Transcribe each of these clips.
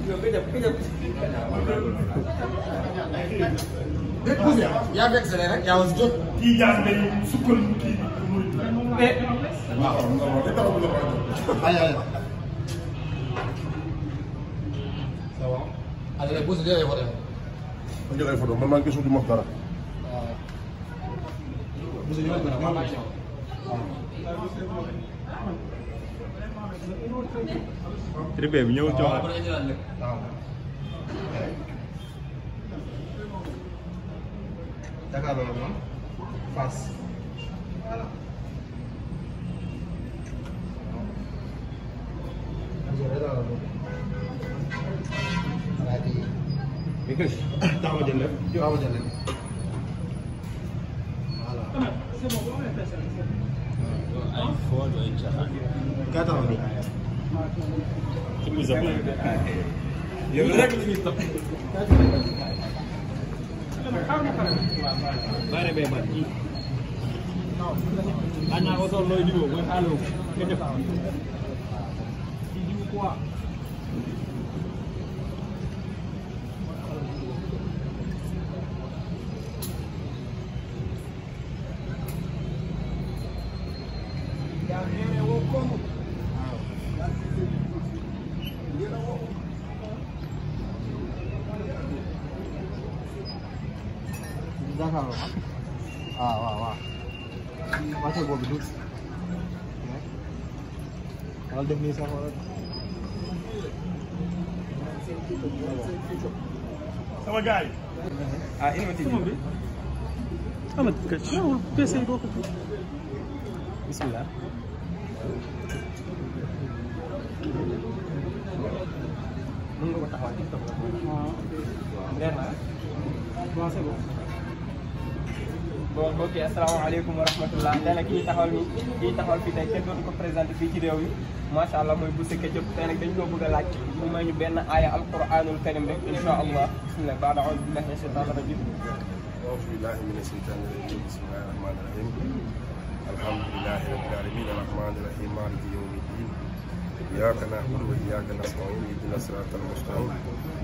déet bu ñu yaa fekk sa rek yaa was jot. kii jaasi day sukkal kii muy. mais. waaw waaw dafa am lu ma wax. aywa aywa. ça va. allez rek boo si jëlee photo. ma jëlee photo man maa ngi gisul du ma wax dara. waaw. monsieur ñu ngi lay gërëm maa ngi lay gërëm. trippé bi ñëwul coono. Dakar loolu moom Fass voilà. Because dama jël lépp dama jël lépp voilà. ay foo ay caaxaan. quatre ans bi. yow rek la ñuy topp. bare bee bare. ana wasoon looy diwoo mooy xaaloo nga def. 상상으로 아, 와, 와. 맞아, 뭐, 누구? 네? 알 됩니다, 상황. sama gars yi. ah innovatif bi. xam nga kër si yow PC yi doo ko. bisimilah. mën nga ko taxawal TikTok la. waaw. leer na. bon c'est bon. bon mbokk yi asalaamaaleykum wa rahmatullah tey nag kii taxawal ñu kii taxawal fii tey kenn dootu ko présenté fii ci réew yi macha allah mooy Boucher Ketchup tey nag dañ koo bëgg a laaj ñu may ñu benn aaya alquranul karim rek incha allah bismillah baad aoudu billahi mina shaytani rajim aoudu billahi mina shaytani rajim bismillahi rahmani rahim alhamdulillahi rabbil alamin arrahmani rahim maliki yawm إياك نعبد وإياك نستعين اهدنا الصراط المستقيم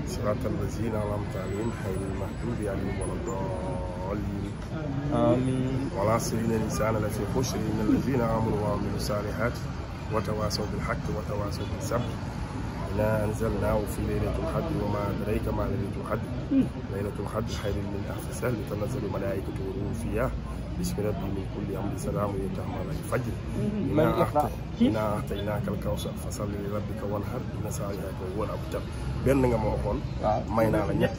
صراط الذين أنعمت عليهم غير المغضوب عليهم ولا الضالين آمين والعصرين الإنسان لفي خسر إن الذين آمنوا وعملوا الصالحات وتواصوا بالحق وتواصوا بالصبر إنا أنزلناه في ليلة القدر وما أدريك ما ليلة القدر ليلة القدر خير من ألف سنة تنزل الملائكة والروح فيها بسم ربي من كل امر سلام يتامى على الفجر انا اعطيناك الكوثر فصل لربك وانحر ان سعيك هو الابتر benn nga ma waxoon may naa la ñett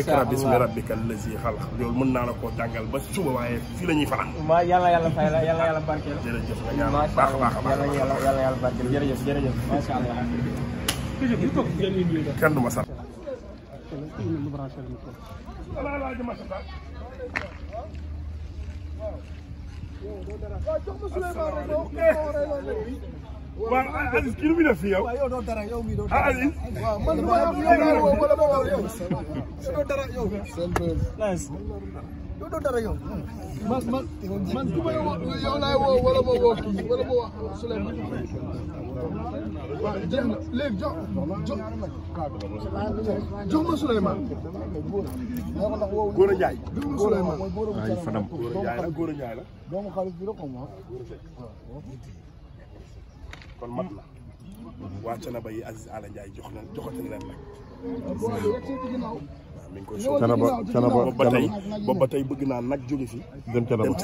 ikra bismi rabbika allazi xalaq loolu mën naa la koo jàngal ba suba waaye fii la ñuy fanaan ma yàlla yàlla fay la yàlla yàlla barkeel jërëjëf nga ñaan baax a baax a baax yàlla yàlla yàlla yàlla barkeel jërëjëf jërëjëf masha allah kenn du ma sax waaw Aziz kii nu muy def fii yow ah Aziz. man man man waaw jeex na léegi jox jox jox ma Souleymane. Gora Ndiaye. jox ma Souleymane. waaw Fadam. Gora Ndiaye la. kon mat la. waa Canaba yi Aziz Ala Ndiaye jox leen joxati leen nag. mi ngi koy soog canaba canaba boobu ba tey ba tey bëgg naa nag jóge fi. dem canaba dem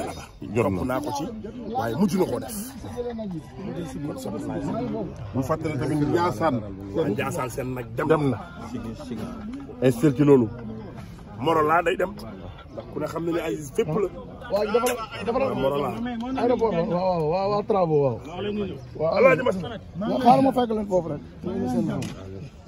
jot na ko ci waaye mujj na koo def. bu fàttali tamit Ndiassane. Ndiassane seen nag dem na dem na. instel ci loolu. Morola day dem. ndax ku ne xam ne ay fépp la. waaw dafa dafa la Morola. aéroport waaw waaw waaw travaux waaw. waaw Alaaji waaw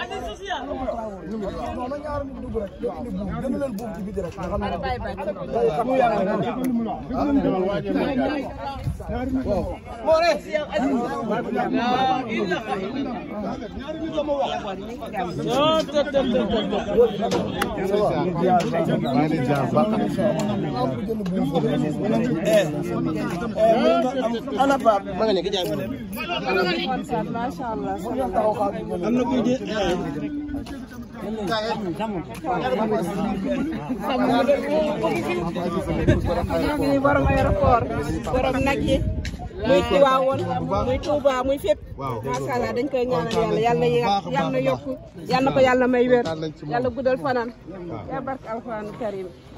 Aziz Sophia. non na ñaar nit dugg rek. dama leen buum ci biti rek. xam nga bay bay. waaw. moo rek. ah il la. ñaari nit la ma wax. non te te te te. maa ngi jaar ba. eh. ana Pape. ma nga nekk am na kuy jé. ñoo ngi borom aéroport borom nag yi muy Tiwaawoon muy Touba muy fépp. macha allah dañ koy ñaanal yàlla yàlla yàlla yokku yàlla na ko yàlla may wér yàlla guddal fanaan. ya barke alxuraanu karim